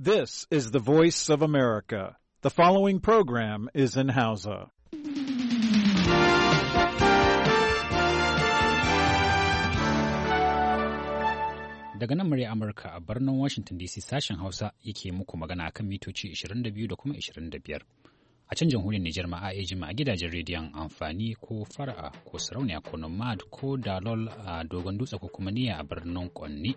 This is the voice of America. The following program is in Hausa. Daga nan murya Amurka a birnin Washington DC sashen Hausa yake muku magana kan mitoci 22 da kuma 25. A can jamhuriyar Nijar ma a ejima a gidajen rediyon amfani ko fara'a ko sarauniya ko nomad ko dalol a dogon dutse ko kuma niyya a birnin Konni.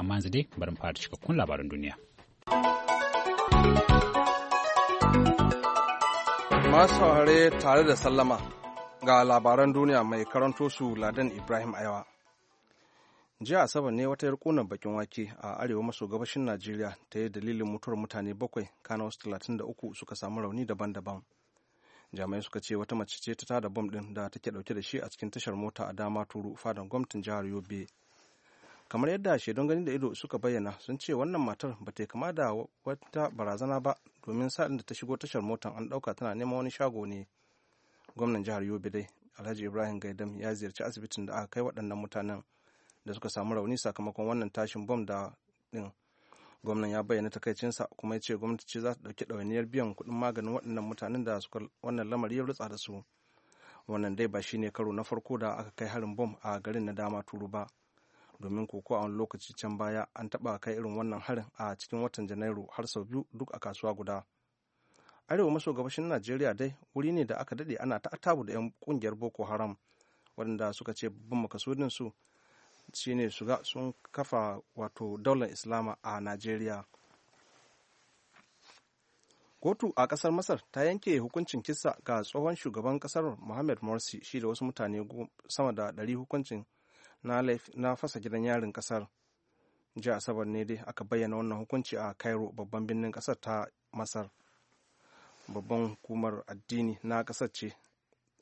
amma yanzu dai bari mu fara cikakkun labaran duniya. Masu haure tare da sallama ga labaran duniya mai karanto su Ladan Ibrahim Aiwa. Jiya Asabar ne wata yarkunan bakin wake a arewa maso gabashin Najeriya ta yi dalilin mutuwar mutane bakwai kana wasu talatin da uku suka samu rauni daban-daban. Jami'ai suka ce wata mace ce ta tada bom ɗin da take ɗauke da shi a cikin tashar mota a dama turu fadan gwamnatin jihar Yobe. kamar yadda shaidun gani da ido suka bayyana sun ce wannan matar ba ta kama da wata barazana ba domin sa'in da ta shigo tashar motar an ɗauka tana neman wani shago ne gwamnan jihar yobe dai alhaji ibrahim gaidam ya ziyarci asibitin da aka kai waɗannan mutanen da suka samu rauni sakamakon wannan tashin bom da ɗin gwamnan ya bayyana takaicinsa kuma ya ce gwamnati ce za ta ɗauki ɗawainiyar biyan kuɗin maganin waɗannan mutanen da suka wannan lamari ya rutsa da su wannan dai ba shine karo na farko da aka kai harin bom a garin na dama turu ba domin koko a wani lokaci can baya an taɓa kai irin wannan harin a cikin watan janairu har sau biyu duk a kasuwa guda arewa maso gabashin najeriya dai wuri ne da aka daɗe ana tabu da 'yan ƙungiyar boko haram waɗanda suka ce babban makasudin su shine su ga sun kafa wato daular islama a najeriya kotu a kasar masar ta yanke hukuncin kisa ga tsohon shugaban kasar mohamed morsi shi da wasu mutane sama da ɗari hukuncin na fasa gidan yarin kasar ji asabar ne dai aka bayyana wannan hukunci a cairo babban birnin kasar ta masar babban hukumar addini na kasar ce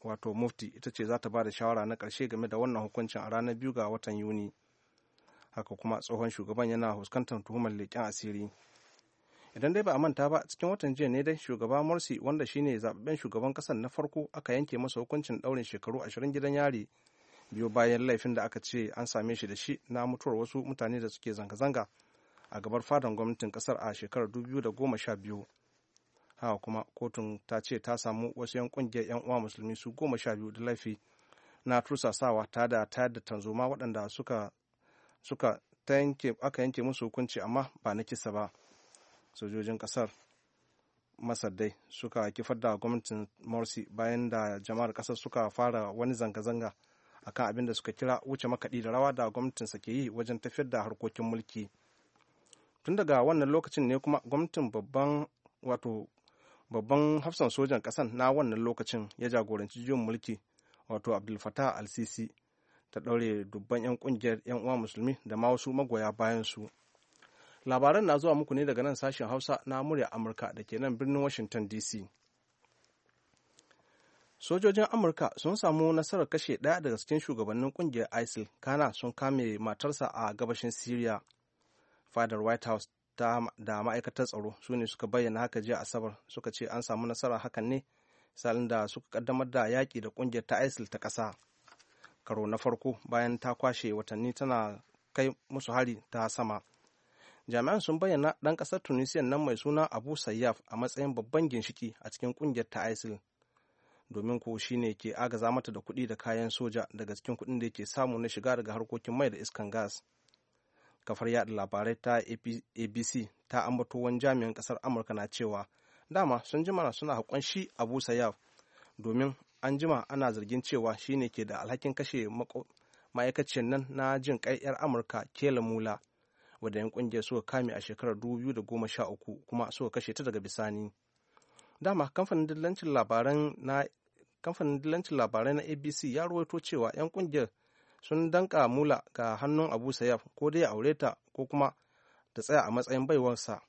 wato mufti ita ce za ta ba da shawara na ƙarshe game da wannan hukuncin a ranar biyu ga watan yuni haka kuma tsohon shugaban yana fuskantar tuhumar leƙen asiri idan dai ba a manta ba cikin watan jiya ne dai shugaba morsi wanda shine zababben shugaban kasar na farko aka yanke masa hukuncin ɗaurin shekaru ashirin gidan yari biyo bayan laifin da aka ce an same shi da shi na mutuwar wasu mutane da suke zanga-zanga a gabar fadan gwamnatin kasar a shekarar 2012 haka kuma kotun ta ce ta samu wasu 'yan kungiyar 'yan uwa musulmi su goma sha biyu da laifi na tursasawa ta da ta da tanzoma waɗanda suka ta aka yanke musu hukunci amma ba na kisa ba sojojin kasar masar dai suka kifar da gwamnatin morsi bayan da jama'ar kasar suka fara wani zanga-zanga akan abin da suka kira wuce makaɗi da rawa da gwamnatinsa ke yi wajen tafiyar da harkokin mulki tun daga wannan lokacin ne kuma gwamnatin babban wato babban hafsan sojan kasan na wannan lokacin ya jagoranci jiyon mulki wato abdul fatah al-sisi ta ɗaure dubban 'yan ƙungiyar 'yan uwa musulmi da ma wasu magoya bayan su labaran na zuwa muku ne daga nan sashen hausa na murya amurka da ke nan birnin washington dc sojojin amurka sun samu nasarar kashe ɗaya daga cikin shugabannin ƙungiyar isil kana sun kame matarsa a gabashin syria fadar white house ta da ma'aikatar tsaro su ne suka bayyana haka jiya asabar suka ce an samu nasara hakan ne salin da suka kaddamar da yaƙi da ƙungiyar ta isil ta ƙasa karo na farko bayan ta kwashe watanni tana kai musu hari ta sama jami'an sun bayyana ɗan ƙasar tunisiya nan mai suna abu sayyaf a matsayin babban ginshiki a cikin ƙungiyar ta isil domin ko shi ne ke agaza mata da kuɗi da kayan soja daga cikin kuɗin da yake samu na shiga daga harkokin mai da iskan gas kafar yada labarai ta abc ta ambato wani jami'in ƙasar amurka na cewa dama sun jima suna haƙon shi abu sayaf domin an jima ana zargin cewa shi ne ke da alhakin kashe ma'aikaciyar nan na jin kai 'yar amurka kela mula wadda yan kungiyar suka kame a shekarar 2013 kuma suka kashe ta daga bisani dama kamfanin dillancin labaran na kamfanin dilancin labarai na abc ya ruwaito cewa 'yan kungiyar sun danka mula ga hannun abu sayaf ko dai ya aure ta ko kuma ta tsaya a matsayin baiwarsa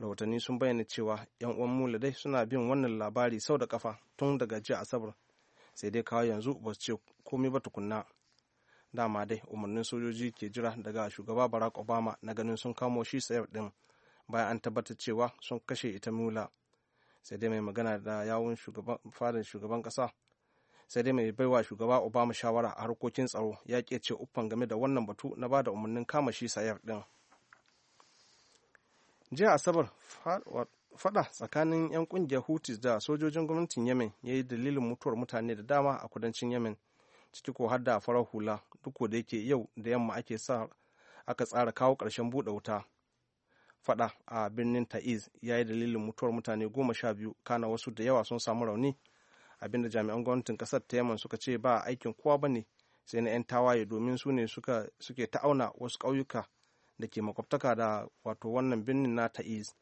rahotanni sun bayyana cewa 'yan uwan mula dai suna bin wannan labari sau da kafa tun daga jiya asabar sai dai kawo yanzu ba su ce komai ba tukunna dama dai umarnin sojoji ke jira daga shugaba barack obama na ganin sun kamo shi sayaf din bayan an tabbatar cewa sun kashe ita mula sai dai mai magana da yawun fadin shugaban kasa sai dai mai baiwa shugaba obama shawara a harkokin tsaro ya ke ce uffan game da wannan batu na ba da umarnin kama shi sayar din jiya asabar fada tsakanin 'yan kungiyar hutis da sojojin gwamnatin yemen ya yi dalilin mutuwar mutane da dama a kudancin yemen ciki ko har da farar hula duk da yake yau da yamma ake sa aka tsara kawo karshen buɗe wuta fada a birnin ta'iz ya yi dalilin mutuwar mutane goma sha biyu kana wasu da yawa sun samu rauni abinda jami'an gwamnatin kasar ta yaman suka ce ba aikin kowa ba ne sai na 'yan tawaye domin su ne suke ta'auna wasu ƙauyuka da ke makwabtaka da wato wannan birnin na ta'iz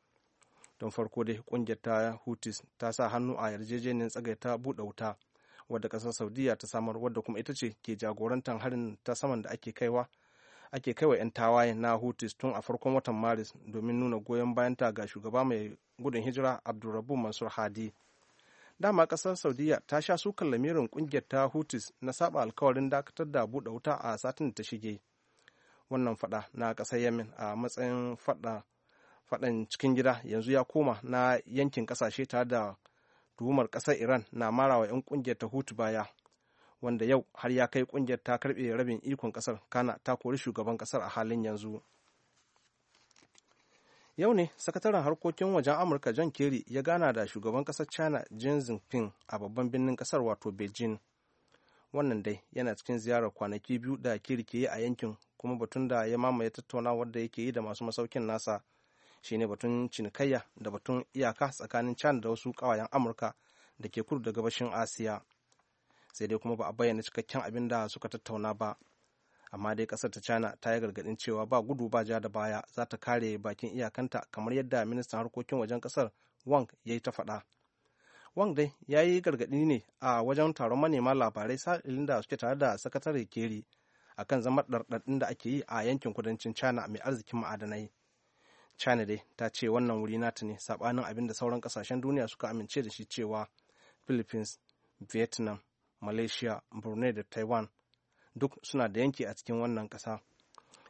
don farko dai ƙungiyar ta hutis ta sa hannu a yarjejeniyar ta buɗe wuta wadda ƙasar saudiya ta samar wadda kuma ita ce ke jagorantar harin ta saman da ake kaiwa ake wa 'yan tawayen na hutus tun a farkon watan maris domin nuna goyon bayanta ga shugaba mai gudun hijira abdulrabu mansur hadi dama kasar saudiya ta sha sukan lamirin kungiyar ta hutus na saba alkawarin dakatar da buɗe wuta a satin da ta shige wannan fada na ƙasar yamin a matsayin fada fadan cikin gida yanzu ya koma na yankin ƙasashe tare da tuhumar ƙasar iran na marawa 'yan kungiyar ta hutu baya wanda yau har ya kai kungiyar ta karbe rabin ikon kasar kana ta kori shugaban kasar a halin yanzu yau ne sakataren harkokin wajen amurka john kerry ya gana da shugaban kasar china jin jinping a babban birnin kasar wato beijing wannan dai yana cikin ziyarar kwanaki biyu da kerry ke yi a yankin kuma batun da ya mamaye tattauna da yake yi da masu masaukin nasa shine batun cinikayya da batun iyaka tsakanin china da wasu kawayen amurka da ke kudu da gabashin asiya sai dai kuma ba a bayyana cikakken abin da suka tattauna ba amma dai kasar ta china ta yi gargadin cewa ba gudu ba ja da baya za ta kare bakin iyakanta kamar yadda ministan harkokin wajen kasar wang ya yi ta faɗa wang dai ya yi gargadi ne a wajen taron manema labarai sa'ilin da suke tare da sakatare keri a kan zama ɗarɗaɗin da ake yi a yankin kudancin china mai arzikin ma'adanai china dai ta ce wannan wuri nata ne saɓanin abin da sauran ƙasashen duniya suka amince da shi cewa philippines vietnam malaysia brunei da taiwan duk suna da yanki a cikin wannan ƙasa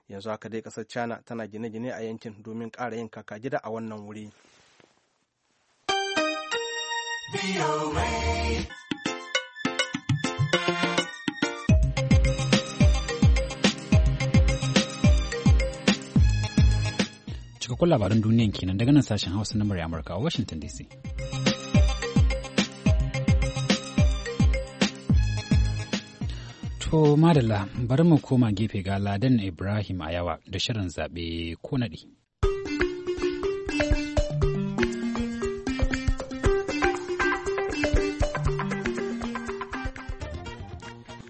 yanzu haka dai ƙasar china tana gine-gine a yankin domin kara yin kaka gida a wannan wuri cikakkun labaran duniyan kenan daga nan sashen hausa na murya amurka a washington dc To madalla bari mu koma gefe ga Ladan Ibrahim a yawa da shirin zaɓe ko naɗi.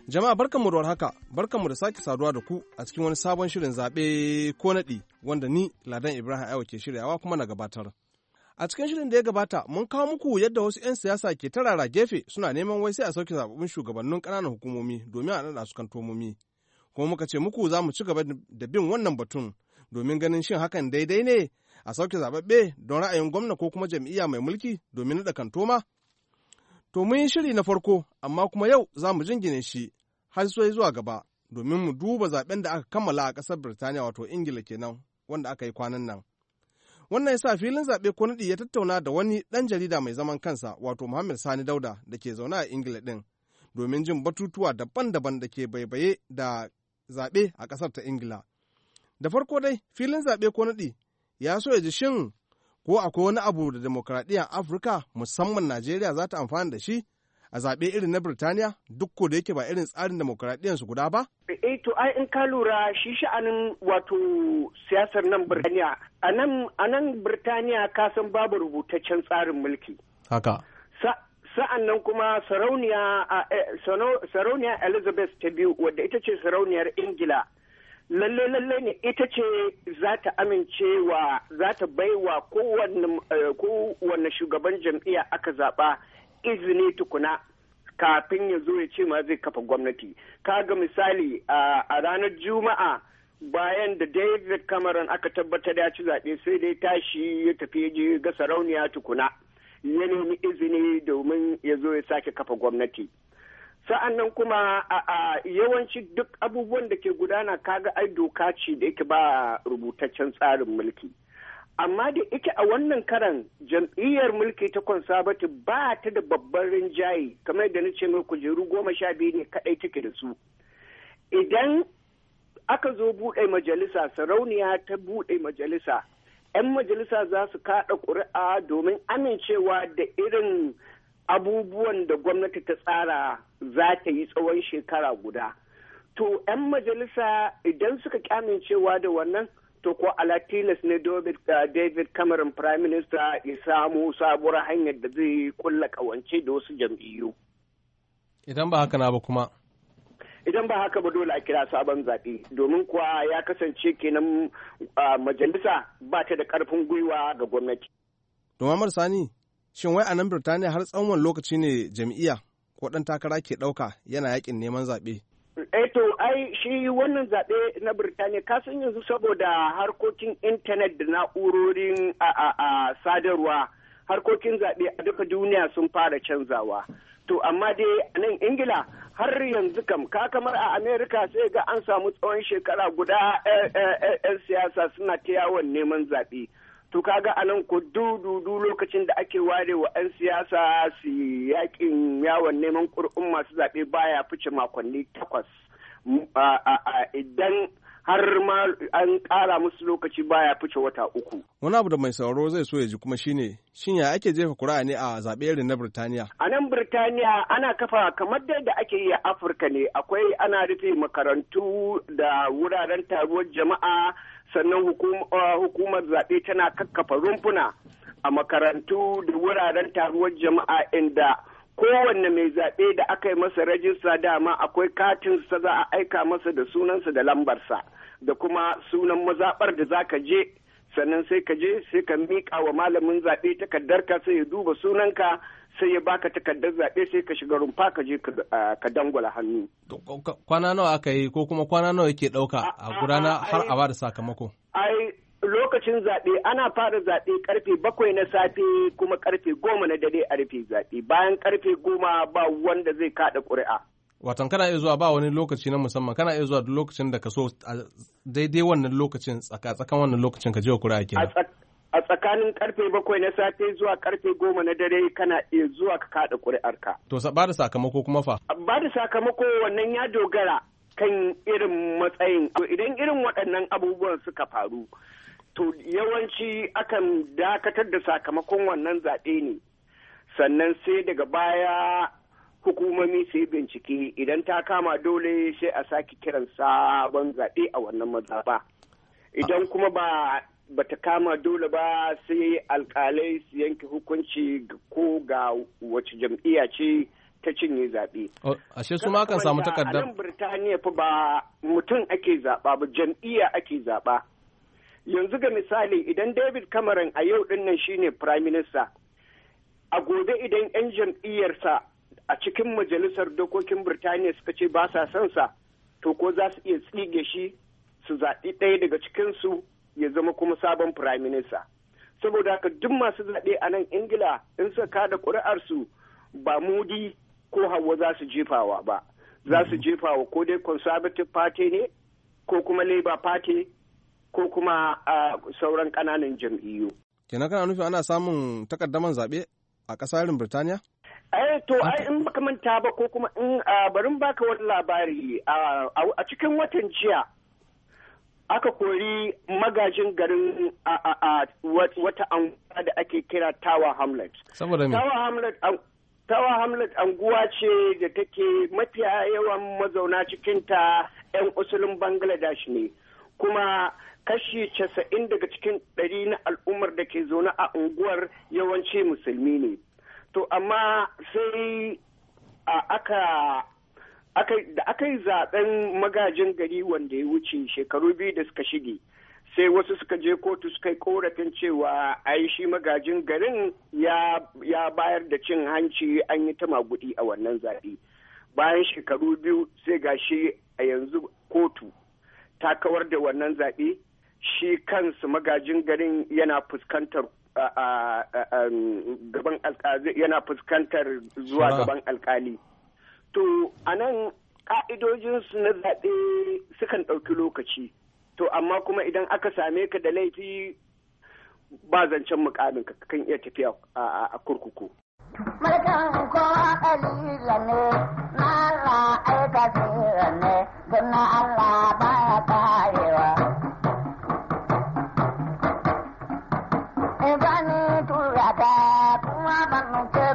Jama'a barkanmu da haka barkanmu da sake saduwa da ku a cikin wani sabon shirin zaɓe ko naɗi wanda ni Ladan Ibrahim Aiwa ke shiryawa kuma na gabatar. A cikin shirin da ya gabata mun kawo muku yadda wasu 'yan siyasa ke tarara gefe suna neman wai sai a sauke zababbin shugabannin ƙananan hukumomi domin a nada su kantomomi. Kuma muka ce muku za mu ci gaba da bin wannan batun domin ganin shin hakan daidai ne a sauke zababbe don ra'ayin gwamna ko kuma jam'iyya mai mulki domin naɗa kantoma. To mun yi shiri na farko amma kuma yau za mu jingine shi har sai zuwa gaba domin mu duba zaben da aka kammala a ƙasar Birtaniya wato Ingila kenan wanda aka yi kwanan nan. Wannan ya sa filin zaɓe ko naɗi ya tattauna da wani ɗan jarida mai zaman kansa wato Muhammad Sani Dauda da ke zaune a Ingila ɗin domin jin batutuwa daban-daban da ke baibaye da zaɓe a ƙasar ta Ingila. Da farko dai filin zaɓe ko ya so ya ji shin ko akwai wani abu da demokradiyyar Afirka musamman Najeriya za ta amfana da shi a zaɓe irin na Birtaniya duk ko da yake ba irin tsarin demokuraɗiyyar su guda ba? Eh to ai in ka lura shi sha'anin wato siyasar nan Birtaniya a nan Birtaniya ka san babu rubutaccen tsarin mulki. Haka. Sa'an nan kuma eh, sarauniya Elizabeth ta biyu wadda ita ce sarauniyar Ingila lalle lalle ne ita ce za ta amincewa za ta baiwa eh, kowanne shugaban jam'iyya aka zaɓa izini tukuna kafin ya zo ya ce ma zai kafa gwamnati kaga misali a ranar juma'a bayan da david cameron aka tabbatar ya ci zaɓe sai dai tashi ya tafi ya je ga sarauniya tukuna ya nemi izini domin ya zo ya sake kafa gwamnati sa'an nan kuma a yawanci duk abubuwan da ke gudana kaga ai doka ce da yake ba rubutaccen tsarin mulki amma da ita a wannan karan jam'iyyar mulki ta konsabati ba ta da babban rinjaye kamar da na ce mai kujeru goma sha biyu ne kadai take da su idan aka zo buɗe majalisa sarauniya ta buɗe majalisa 'yan majalisa za su kaɗa ƙuri'a domin amincewa da irin abubuwan da gwamnati ta tsara za ta yi tsawon shekara guda to 'yan majalisa idan suka amincewa da wannan to ko ala tilas ne uh, david cameron prime minister ya samu sabuwar hanyar da zai kulla kawance da wasu jam'iyyu idan ba haka na ba kuma idan ba haka ba dole a kira sabon zaɓe domin kuwa ya kasance kenan uh, majalisa ba ta da ƙarfin gwiwa ga gwamnati. Domamar Sani, shin wai a nan Birtaniya har tsawon lokaci ne jam'iyya ko ɗan takara ke ɗauka yana yakin neman zaɓe eto eh, ai shi wannan zaɓe na Birtaniya kasan yanzu saboda harkokin intanet da na'urorin a sadarwa harkokin zaɓe a duka duniya sun fara canzawa. To amma dai a nan Ingila har yanzu kam ka kamar a Amerika sai ga an samu tsawon shekara guda eh, eh, 'yan siyasa suna ta yawon neman zaɓe. to kaga a nan ko lokacin da ake ware wa 'yan siyasa su yakin yawon neman ƙuri'un masu zaɓe baya fice makonni takwas mm, idan har ma an ƙara musu lokaci baya fice wata uku. Wani abu da mai sauro zai so ya ji kuma shine shin ya ake jefa kuri'a ne a zaɓe irin na Birtaniya? A nan Birtaniya ana kafa kamar da ake yi a Afirka ne akwai ana rufe makarantu da wuraren taruwar jama'a sannan uh, hukumar zaɓe tana kakkafa rumfuna a makarantu da wuraren taruwar jama'a inda kowanne mai zaɓe da aka yi masa rajista dama akwai katinsa za a aika masa da sunansa da lambarsa da kuma sunan mazaɓar da za ka je sannan sai ka je sai ka miƙa wa malamin zaɓe takardarka sai ya duba sunanka sai ya baka takardar zaɓe sai ka shiga rumfa ka je ka dangwala hannu. Kwana nawa aka yi ko kuma kwana nawa yake ɗauka a gudana har a bada sakamako? Ai lokacin zaɓe ana fara zaɓe karfe bakwai na safe kuma karfe goma na dare a rufe zaɓe bayan karfe goma ba wanda zai kaɗa ƙuri'a. watan kana iya zuwa ba wani lokaci na musamman kana iya zuwa duk lokacin da ka so daidai wannan lokacin a tsakan wannan lokacin ka je wa kura ake a tsakanin karfe bakwai na safe zuwa karfe goma na dare kana iya zuwa ka kada ƙuri'arka. To ba da sakamako kuma fa? Ba da sakamako wannan ya dogara kan irin matsayin. To idan irin waɗannan abubuwan suka faru, to yawanci akan dakatar da sakamakon wannan zaɓe ne. Sannan sai daga baya hukumomi su yi bincike idan ta kama dole sai a sake kiran sabon zaɓe a wannan mazaɓa idan kuma ba bata kama dole ba sai alkalai su yanke hukunci ko ga wace jam'iyya ce ta cinye zaɓe. Ashe su samu takardar. A nan Birtaniya fa ba mutum ake zaɓa ba jam'iyya ake zaɓa. Yanzu ga misali idan David Cameron a yau ɗin shine Prime Minister, a gobe idan 'yan jam'iyyarsa a cikin majalisar dokokin Birtaniya suka ce ba sa son sa to ko za su iya tsige shi su zaɓi ɗaya daga cikinsu ya zama kuma sabon firaminista. Saboda haka duk masu zaɓe a nan Ingila in suka kada ƙuri'arsu ba mudi ko hawa za su jefawa ba. Za su jefawa ko dai Conservative Party ne ko kuma Labour Party ko kuma ah, sauran ƙananan jam'iyyu. Kenan kana nufin ana samun takaddaman zaɓe a kasarin Birtaniya? Eh to ai in baka manta ba ko kuma in barin baka wani labari a cikin watan jiya aka kori magajin garin wata anguwa da ake kira Tower Hamlet. Saboda me? Tower Hamlet Tawa Hamlet anguwa ce da take mafiya yawan mazauna cikinta 'yan usulin Bangladesh ne. kuma kashi casa'in daga cikin ɗari na al'ummar da ke zaune a unguwar yawanci musulmi ne to amma sai aka da aka yi zaben magajin gari wanda ya wuce shekaru biyu da suka shige sai wasu suka je kotu suka yi korafin cewa ai shi magajin garin ya bayar da cin hanci an yi ta magudi a wannan zaɓe bayan shekaru biyu sai gashi a yanzu kotu ta kawar da wannan zaɓe shi kansu magajin garin yana fuskantar um, gaban yana fuskantar zuwa gaban alkali to a nan ƙa'idojinsu na zaɓe sukan ɗauki lokaci to amma kuma idan aka same ka da laifi ba zancen mukamin ka kan iya tafiya a kurkuku mulkin kowa kalila ne na ne don na baya karewa Ibani tura ta kuma ban mota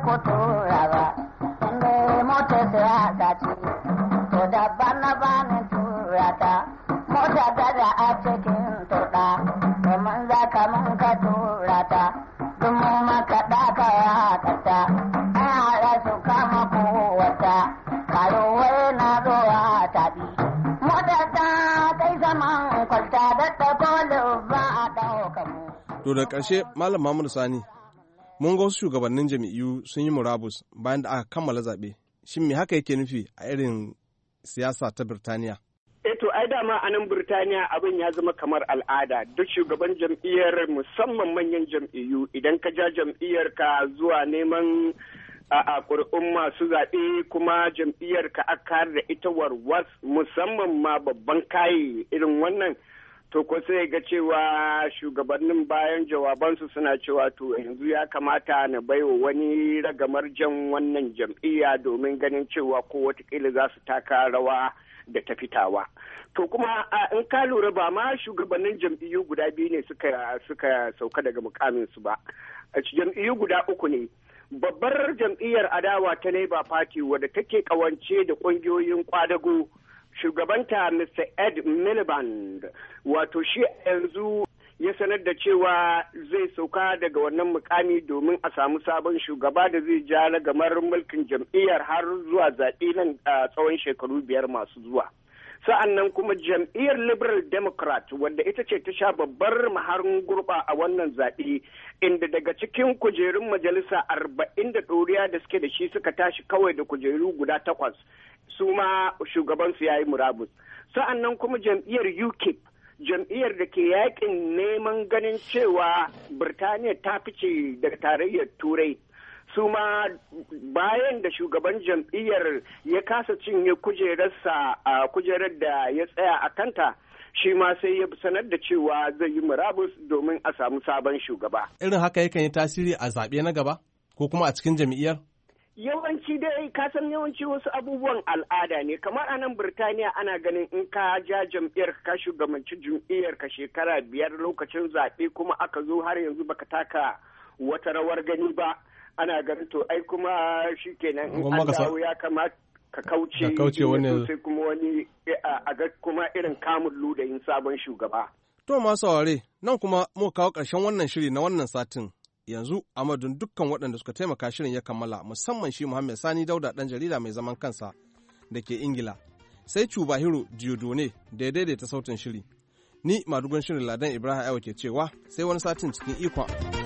to da bani ta mota da a cikin turɗa da, za ka mun da To da ƙarshe Malam Mahmud Sani, mun ga wasu shugabannin jami'u sun yi murabus bayan da aka kammala zaɓe. Shin me haka yake nufi a irin siyasa ta Birtaniya? E to ai dama a nan Birtaniya abin ya zama kamar al'ada duk shugaban jam'iyyar musamman manyan jam'iyyu idan ka ja jam'iyyar ka zuwa neman a ƙuri'un masu zaɓe kuma jam'iyyar ka aka da ita warwas musamman ma babban kayi irin wannan to ko sai ga cewa shugabannin bayan jawabansu suna cewa to yanzu ya kamata na baiwa wani ragamar jan wannan jam'iyya domin ganin cewa ko watakila za su taka rawa da ta fitawa to kuma in ka lura ba ma shugabannin jam'iyyu guda biyu ne suka sauka daga mukaminsu ba jam'iyyu guda uku ne babbar jam'iyyar adawa ta labour party wadda take kawance da ƙungiyoyin kwadago shugabanta mr ed miliband wato shi yanzu ya sanar da cewa zai sauka daga wannan mukami domin a samu sabon shugaba da zai ja gamar mulkin jam'iyyar har zuwa zaɓe nan a tsawon shekaru biyar masu zuwa. sa'annan kuma jam'iyyar liberal democrat wadda ita ce ta sha babbar maharin gurba a wannan zaɓe inda daga cikin kujerun majalisa arba'in da ɗoriya da suke da shi suka tashi kawai da kujeru guda takwas su ma shugabansu ya yi murabus sa'annan kuma jam'iyyar ukip jam'iyyar da ke yakin neman ganin cewa birtaniya ta fice daga tarayyar turai su ma bayan da shugaban jam'iyyar ya kasa cinye kujerarsa a kujerar da ya tsaya a kanta shi ma sai ya sanar da cewa zai yi murabus domin a samu sabon shugaba. Irin haka yakan yi tasiri a zaɓe na gaba ko kuma a cikin jam'iyyar? Yawanci dai ka san yawanci wasu abubuwan al'ada ne kamar a nan Birtaniya ana ganin in ka ja jam'iyyar ka shugabanci jam'iyyar ka shekara biyar lokacin zaɓe kuma aka zo har yanzu baka taka wata rawar gani ba ana ganin to ai kuma shi kenan in an dawo ya kamata ka kauce kauce wani sai kuma wani eh, a ga kuma irin kamun ludayin sabon shugaba. To masu saware nan kuma mu kawo karshen wannan shiri na wannan satin yanzu a madun dukkan waɗanda suka taimaka shirin ya kammala musamman shi Muhammad Sani Dauda dan jarida mai zaman kansa da ke Ingila. Sai Cubahiro Diodone da ya daidaita sautin shiri. Ni madugun shirin Ladan Ibrahim Aiwa ke cewa sai wani satin cikin ikon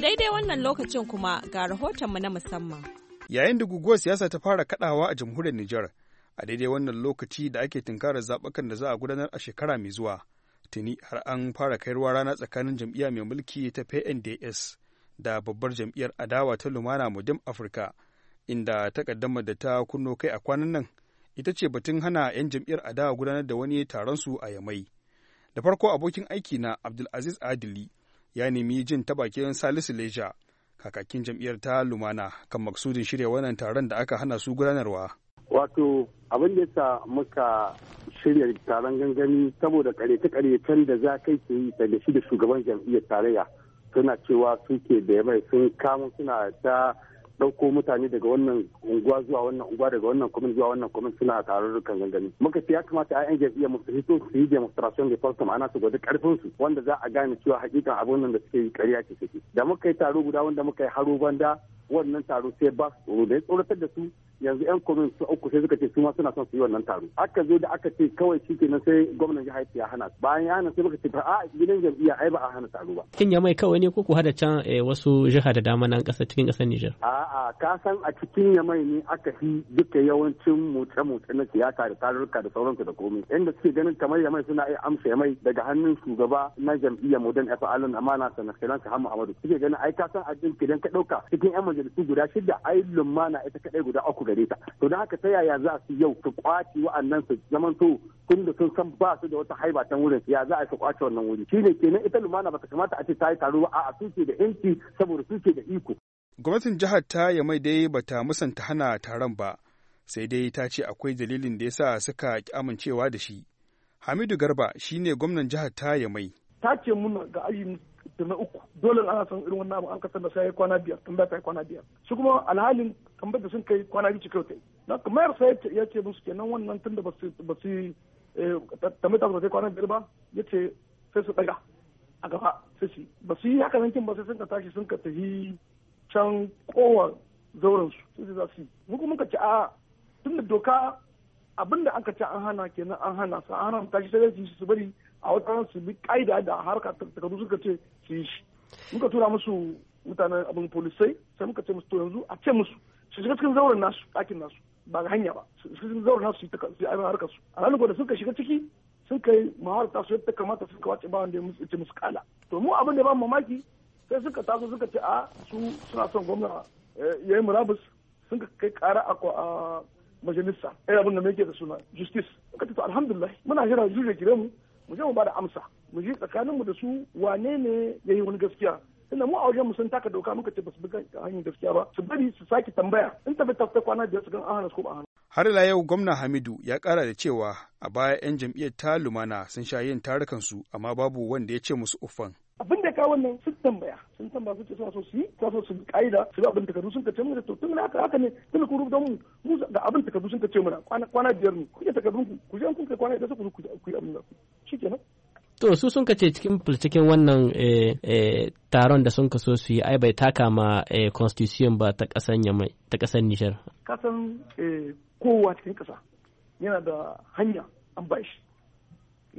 daidai wannan lokacin kuma ga rahotonmu na musamman. Yayin da guguwar siyasa ta fara kadawa a jamhuriyar Nijar, a daidai wannan lokaci da ake tunkarar zaɓukan da za a gudanar a shekara mai zuwa. Tuni har an fara kairuwa rana tsakanin jam'iyya mai mulki ta PNDS da babbar jam'iyyar adawa ta Lumana Mudim Afirka, inda ta takaddamar da ta kunno kai a kwanan nan ita ce batun hana 'yan jam'iyyar adawa gudanar da wani taron su a Yamai. Da farko abokin aiki na Abdulaziz Adili ya nemi jin ta Salisu Leja kakakin jam'iyyar ta Lumana kan maksudin shirya wannan taron da aka hana su gudanarwa. Wato abin da yasa muka shirya taron gangami saboda karyace-karyacen da za kai ke yi da shi da shugaban jam'iyyar tarayya suna cewa suke da mai sun kama suna ta ɗauko mutane daga wannan unguwa zuwa wannan unguwa daga wannan kwamin zuwa wannan kwamin suna tarurrukan gangami muka ce ya kamata a yan jam'iyya mu su hito su yi demonstration da farko ma'ana su gwada karfin su wanda za a gane cewa hakikan abin nan da suke yi ƙarya ce suke da muka yi taro guda wanda muka yi haro banda wannan taro sai ba tsoro da ya tsoratar da su yanzu yan kwanon su uku sai suka ce su ma suna son su yi wannan taro aka zo da aka ce kawai shi nan sai gwamnan jihar ya hana su bayan ya hana sai muka ce ba a gidan jam'iyya ai ba a hana taro ba kin ya mai kawai ne ko ku hada can eh, wasu jiha da dama nan kasa cikin kasar Nijar a'a ka san a cikin yamai ne aka fi duka yawancin mutane-mutane na siyasa da tarurruka da sauransu da komai inda suke ganin kamar yamai suna iya amsa yamai daga hannun shugaba na jam'iyyar modern FALN amana sanar Hamma Amadu suke ganin ai ka san a idan ka dauka cikin yan majalisu guda shida yi lumana ita kadai guda uku gare ta to da haka ta yaya za su yau su kwaci wa'annan su zamanto tun da sun san ba su da wata haiba can wurin ya za a su kwaci wannan wuri shine kenan ita lumana ta kamata a ce ta yi taro ba a'a su ke da yanci saboda su ke da iko gwamnatin jihar ta yamai dai bata musanta hana taron ba sai dai ta ce akwai dalilin da ya sa suka ki amincewa da shi hamidu garba shine gwamnan jihar ta mai ta ce muna ga ayyukan da na uku dole ana san irin wannan abu an kasar da sai ya kwana biyar tun ta yi kwana biyar su kuma alhalin tambayar da sun kai kwana biyu cikin ta na kamar sai ya ce musu kenan wannan tun da ba su eh, tambayar ta sai kwana biyar ba ya ce sai su daga a gaba sai su ba su yi haka nan kin ba sai sun ka tashi sun ka tafi can kowar zauren su sai su za su yi mu kuma ka ci a tun da doka abinda an ka ci an hana kenan an hana su an hana tashi sai su bari a wata su bi ƙa'ida da harka takardu suka ce su yi shi muka tura musu mutanen abin polisai sai muka ce musu to yanzu a ce musu su shiga cikin zauren nasu ɗakin nasu ba ga hanya ba su shiga cikin zauren nasu su yi abin harkar su a ranar da suka shiga ciki sun kai ta su yadda kamata suka wace ba wanda ya ce musu kala to mu abin da ba mamaki sai suka taso suka ce a su suna son gwamna eh, ya yi murabus sun kai kara a majalisa ɗaya abin da mai ke da suna justice suka ce to alhamdulillah muna jira jure gire mu mu je mu ba da amsa mu tsakanin mu da su wane ne ya yi wani gaskiya tunda mu a wajen mu sun taka doka muka ce ba su bi hanyar gaskiya ba su bari su sake tambaya in tafi ta kwana biyar su gan ahana ko ba har ila yau gwamna hamidu ya kara da cewa a baya 'yan jam'iyyar ta lumana sun sha yin tarukan su amma babu wanda ya ce musu uffan abin da kawo wannan sun tambaya sun tambaya sun ce suna so su yi suna so su ka'ida su abin takardu sun ka ce mana to tun haka haka ne tun kuru rubuta mu mu ga abin takardu sun ka ce mana kwana biyar ne kuke takardun ku ku je kun kai kwana biyar sai ku ku yi abin da ku shikenan To su sun ce cikin cikin wannan eh, eh, taron da sun so su yi ai bai taka ma eh, constitution ba ta kasan yamai ta kasan Nishar. Kasan kowa cikin kasa yana da hanya an ba shi.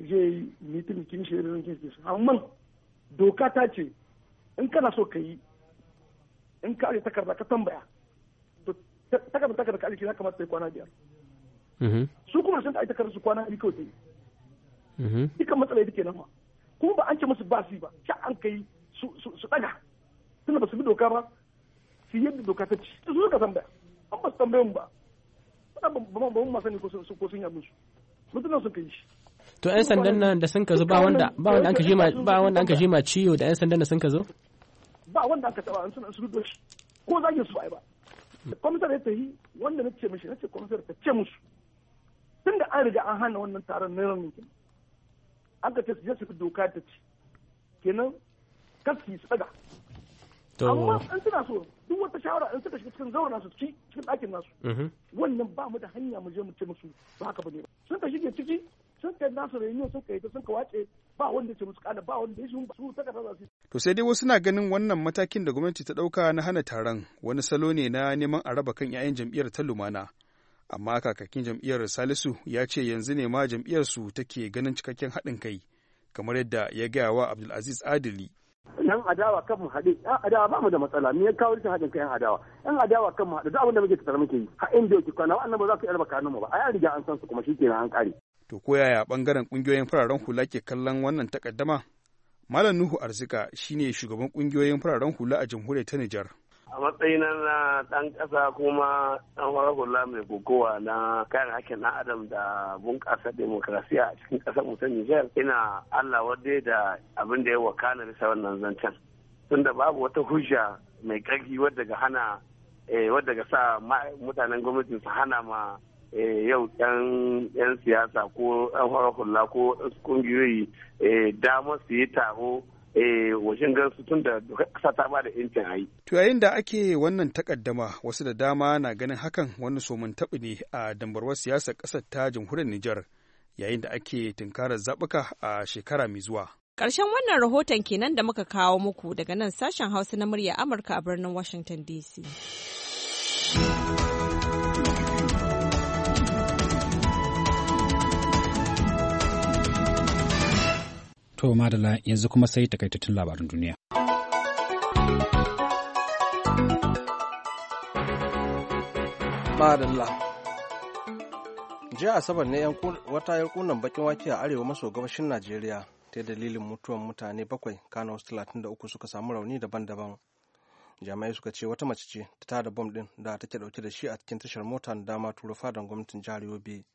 Je mitin kin shi da kin shi. Amma doka ta ce in kana so ka yi in ka aje takarda ka tambaya to takarda takarda ka aje ya kamata ta yi kwana biyar mm-hmm. su kuma sun ta'ai takarda su kwana biyu kawai ta yi. Mm-hmm. dukkan matsala ke nan ma kuma ba an ce musu ba su ba sha an kai su daga tunda ba su bi doka ba su yadda doka ta ci su suka tambaya an ba su tambayan ba ba ma sani ko sun yamin su mutunan sun kai shi to yan sandan nan da sun ka zo ba wanda ba wanda an ka jima ba wanda jima ciwo da yan sandan da sun ka zo ba wanda an ka taba an suna su rudo shi ko zagin su yi ba komisar ya tafi wanda na ce mishi na ce komisar ta ce musu tunda an riga an hana wannan taron na ranar an ka ce su je su doka ta ci kenan kasi su daga amma an suna so duk wata shawara an suka shiga cikin zaura nasu ci cikin ɗakin nasu mhm. wannan ba mu da hanya mu je mu ce musu ba haka ba sun ka shige ciki sun kai nasu reunion sun kai ta sun ka wace ba wanda ce musu kada ba wanda ya shi su ta kasa su. To sai dai wasu na ganin wannan matakin da gwamnati ta ɗauka na hana taron wani salo ne na neman a raba kan 'ya'yan jam'iyyar ta lumana. Amma kakakin jam'iyyar Salisu ya ce yanzu ne ma jam'iyyar su take ganin cikakken haɗin kai kamar yadda ya gaya wa Abdulaziz Adili. yan adawa kan mu haɗe, yan adawa ba mu da matsala, me ya kawo rikin haɗin kai yan adawa. Yan adawa kan mu haɗe, duk abin da muke tattara muke yi, haɗin da yake kwana, wa'annan ba za ku yarba kanun mu ba, a yi riga an san su kuma shi na an ƙare. To ko yaya bangaren kungiyoyin fararen hula ke kallon wannan takaddama? Malam Nuhu Arzika shine shugaban kungiyoyin fararen hula a jamhuriyar ta Nijar. a matsayin na ɗan ƙasa kuma ɗan farar hula mai gogowa na kayan hakkin na adam da bunƙasa demokrasiya a cikin ƙasar mu ta Nijar ina Allah wadda da abin da ya wakana bisa wannan zancen tunda babu wata hujja mai ƙarfi wadda ga hana eh, wadda ga sa mutanen gwamnatin su hana ma Eh, yau yan siyasa ko yan hula ko kungiyoyi eh, damar su yi taro eh, washin gansu tun da kasa ta ba da yancin ayi. To yayin da ake wannan takaddama wasu da dama na ganin hakan wani somin taɓi ne a dambarwar siyasar ƙasar ta jamhuriyar Nijar yayin da ake tunkarar zaɓuka a shekara mai zuwa. Ƙarshen wannan rahoton kenan da muka kawo muku daga nan sashen Hausa na murya Amurka a birnin Washington DC. To madala yanzu kuma sai takaitattun labaran duniya. Madalla. Jiya Asabar ne wata yankunan bakin wake a arewa maso gabashin Najeriya ta dalilin mutuwan mutane bakwai kano wasu talatin da uku suka samu rauni daban-daban. Jami'ai suka ce wata mace ce ta tada bom din da take dauke da shi a cikin tashar mota da dama turo fadan gwamnatin jihar Yobe.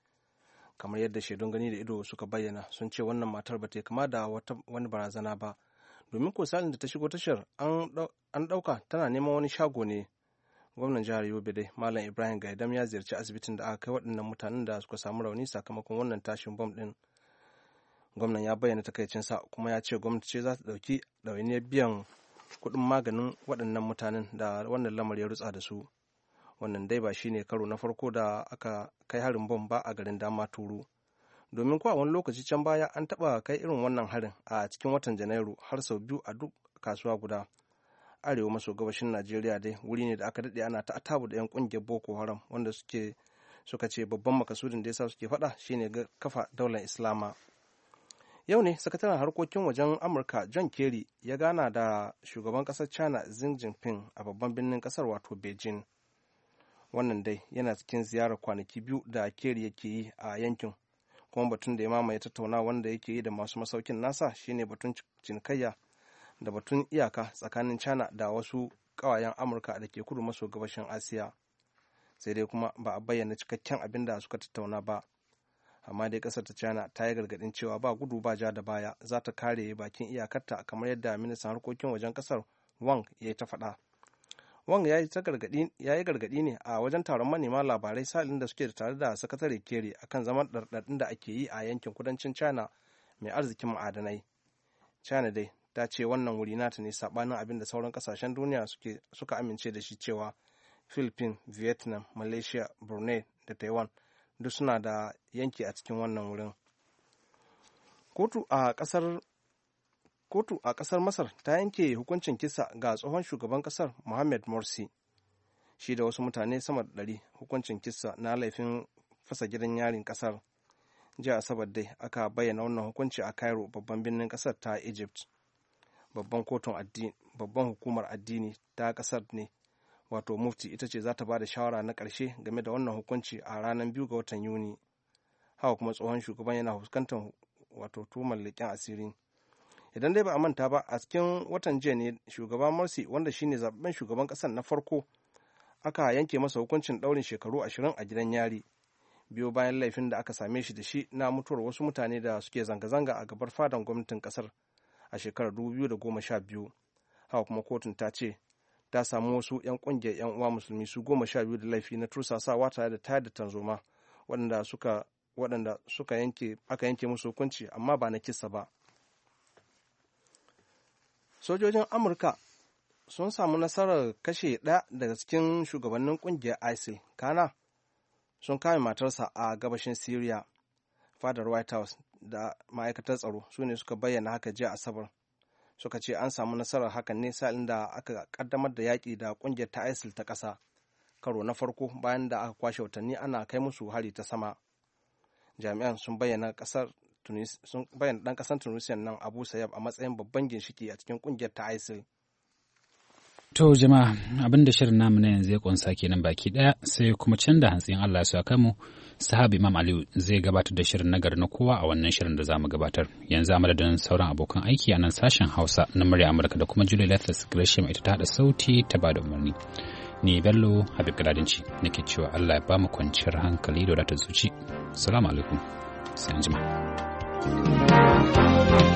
kamar yadda shaidun gani da ido suka bayyana sun ce wannan matar ba ta kama da wani barazana ba domin ko salin da ta shigo tashar an ɗauka tana neman wani shago ne gwamnan jihar yobe dai malam ibrahim gaidam ya ziyarci asibitin da aka kai waɗannan mutanen da suka samu rauni sakamakon wannan tashin bom ɗin gwamnan ya bayyana takaicinsa kuma ya ce gwamnati ce za ta ɗauki ɗawainiyar biyan kuɗin maganin waɗannan mutanen da wannan lamar ya rutsa da su wannan dai ba shine karo na farko da aka kai harin bom ba a garin dama turu domin kuwa wani lokaci can baya an taɓa kai irin wannan harin a cikin watan janairu har sau biyu a duk kasuwa guda arewa maso gabashin najeriya dai wuri ne da aka daɗe ana ta atabu da 'yan ƙungiyar boko haram wanda suke suka ce babban makasudin da yasa suke faɗa shine ga kafa daular islama yau ne sakataren harkokin wajen amurka john kerry ya gana da shugaban ƙasar china xi jinping a babban birnin ƙasar wato beijing wannan dai yana cikin ziyarar kwanaki biyu da keri yake yi a yankin kuma batun da ya mamaye tattauna wanda yake yi da masu masaukin nasa shine batun cinikayya da batun iyaka tsakanin china da wasu ƙawayen amurka da ke kudu maso gabashin asiya sai dai kuma ba a bayyana cikakken abin da suka tattauna ba amma dai ƙasar ta china ta yi gargadin cewa ba gudu ba ja da baya za ta kare bakin iyakarta kamar yadda ministan harkokin wajen ƙasar wang ya ta faɗa wang ya yi gargaɗi ne a wajen taron manema labarai salin da suke tare da sakatare kere akan zaman ɗarɗarɗin da ake yi a yankin kudancin china mai arzikin ma'adanai china dai ta ce wannan wuri nata ne saɓanin abin da sauran ƙasashen duniya suka amince da shi cewa philippines vietnam malaysia brunei da taiwan duk suna da yanki a cikin wannan wurin kotu a ƙasar kotu a ƙasar masar ta yanke hukuncin kisa ga tsohon shugaban ƙasar mohamed morsi shi da wasu mutane sama da ɗari hukuncin kisa na laifin fasa gidan yarin ƙasar jiya asabar dai aka bayyana wannan hukunci a cairo babban birnin ƙasar ta egypt babban kotun addini babban hukumar addini ta ƙasar ne wato mufti ita ce za ta ba da shawara na ƙarshe game da wannan hukunci a ranar biyu ga watan yuni haka kuma tsohon shugaban yana fuskantar wato tumar leƙen asirin idan dai ba a manta ba a cikin watan jiya ne shugaban morsi wanda shine zaben shugaban kasar na farko aka yanke masa hukuncin daurin shekaru ashirin a gidan yari biyo bayan laifin da aka same shi da shi na mutuwar wasu mutane da suke zanga-zanga a gabar fadan gwamnatin kasar a shekarar sha biyu haka kuma kotun ta ce ta samu wasu 'yan kungiyar 'yan uwa musulmi su goma sha biyu da laifi na tursasawa tare da tayar da tanzoma waɗanda waɗanda suka yanke aka yanke musu hukunci amma ba na kisa ba sojojin amurka sun samu nasarar kashe ɗaya daga cikin shugabannin ƙungiyar isil kana sun kame matarsa a gabashin syria fadar white house da ma'aikatar tsaro su ne suka bayyana haka jiya asabar suka ce an samu nasarar hakan ne sa'in da aka kaddamar da yaƙi da ƙungiyar ta isil ta ƙasa karo na farko bayan da aka kwashe watanni ana kai musu hari ta sama jami'an sun bayyana ƙasar sun bayyana dan kasan tunisia nan abu sayab a matsayin babban ginshiki a cikin kungiyar ta isil To jama'a abin da shirin namu na yanzu ya kunsa kenan baki daya sai kuma can da hantsin Allah su kai mu sahabi Imam Aliyu zai gabatar da shirin nagar na kowa a wannan shirin da zamu gabatar yanzu a madadin sauran abokan aiki a nan sashen Hausa na murya Amurka da kuma Julie Lathis Gresham ita ta hada sauti ta bada umarni ni Bello Habib Galadinci nake cewa Allah ya ba kwanciyar hankali da wadatar zuci Salamu alaikum sai Thank you.